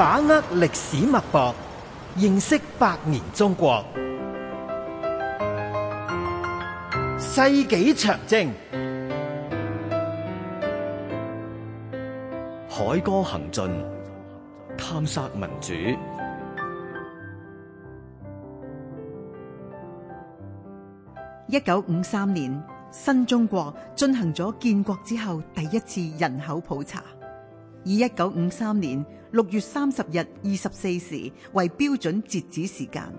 把握歷史脈搏，認識百年中國。世紀長征，凱歌行進，探索民主。一九五三年，新中國進行咗建國之後第一次人口普查。以一九五三年六月三十日二十四時為標準截止時間，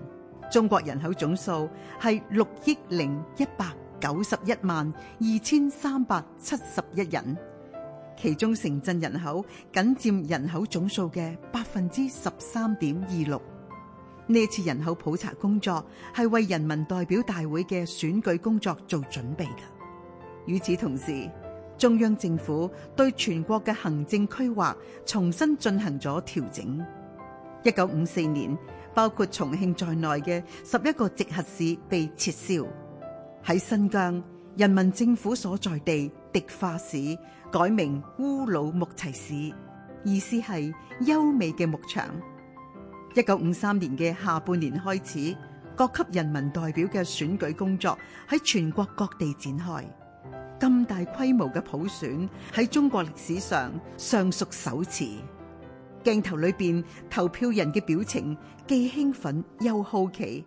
中國人口總數係六億零一百九十一萬二千三百七十一人，其中城鎮人口僅佔人口總數嘅百分之十三點二六。呢次人口普查工作係為人民代表大會嘅選舉工作做準備嘅。與此同時，中央政府對全國嘅行政區劃重新進行咗調整。一九五四年，包括重慶在內嘅十一個直轄市被撤銷。喺新疆，人民政府所在地迪化市改名烏魯木齊市，意思係優美嘅牧場。一九五三年嘅下半年開始，各級人民代表嘅選舉工作喺全國各地展開。咁大規模嘅普選喺中國歷史上尚屬首次。鏡頭裏邊投票人嘅表情既興奮又好奇。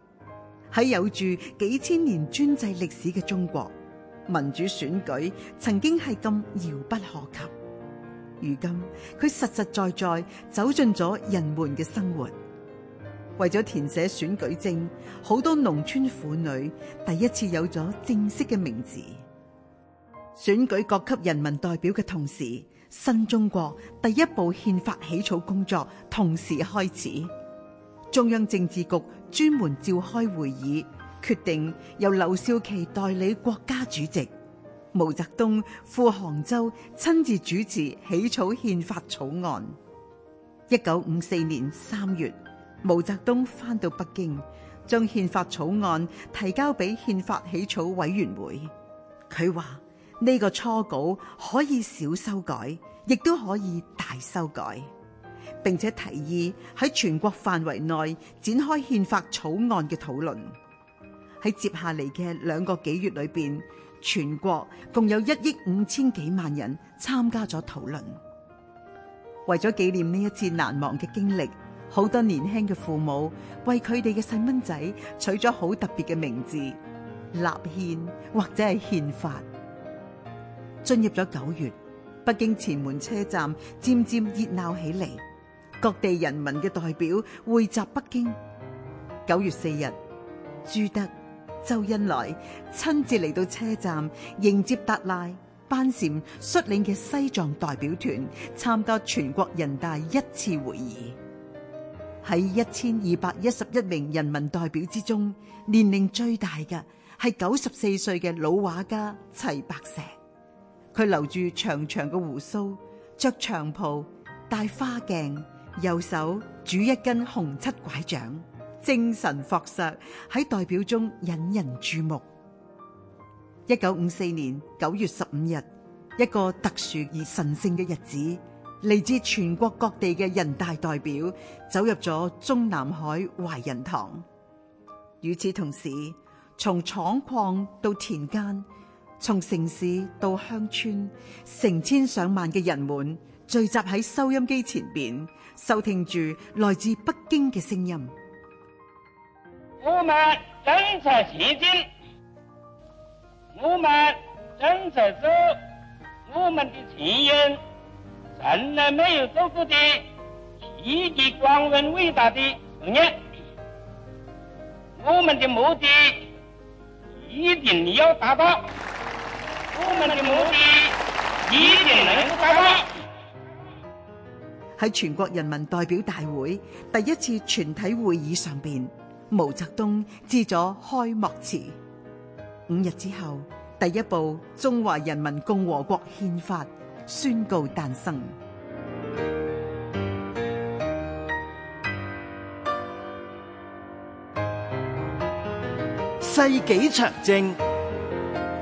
喺有住幾千年專制歷史嘅中國，民主選舉曾經係咁遙不可及。如今佢實實在在在走進咗人們嘅生活。為咗填寫選舉證，好多農村婦女第一次有咗正式嘅名字。選舉各級人民代表嘅同時，新中國第一部憲法起草工作同時開始。中央政治局專門召開會議，決定由劉少奇代理國家主席。毛澤東赴杭州親自主持起草憲法草案。一九五四年三月，毛澤東返到北京，將憲法草案提交俾憲法起草委員會。佢話：呢個初稿可以小修改，亦都可以大修改。並且提議喺全國範圍內展開憲法草案嘅討論。喺接下嚟嘅兩個幾月裏邊，全國共有一億五千幾萬人參加咗討論。為咗紀念呢一次難忘嘅經歷，好多年輕嘅父母為佢哋嘅細蚊仔取咗好特別嘅名字，立憲或者係憲法。進入咗九月，北京前門車站漸漸熱鬧起嚟，各地人民嘅代表匯集北京。九月四日，朱德、周恩來親自嚟到車站，迎接達賴、班禪率領嘅西藏代表團，參加全國人大一次會議。喺一千二百一十一名人民代表之中，年齡最大嘅係九十四歲嘅老畫家齊白石。佢留住長長嘅鬍鬚，着長袍，戴花鏡，右手拄一根紅漆拐杖，精神矍鑠，喺代表中引人注目。一九五四年九月十五日，一個特殊而神聖嘅日子，嚟自全國各地嘅人大代表走入咗中南海懷仁堂。與此同時，從廠礦到田間。從城市到鄉村，成千上萬嘅人們聚集喺收音機前邊，收聽住來自北京嘅聲音。我們正在前進，我們正在做我們的前人從來沒有做過嘅極其光榮偉大的事業。我們的目的一定要達到。冇問題冇事，喺 全國人民代表大會第一次全體會議上邊，毛澤東致咗開幕詞。五日之後，第一部中華人民共和國憲法宣告誕生。世紀長征。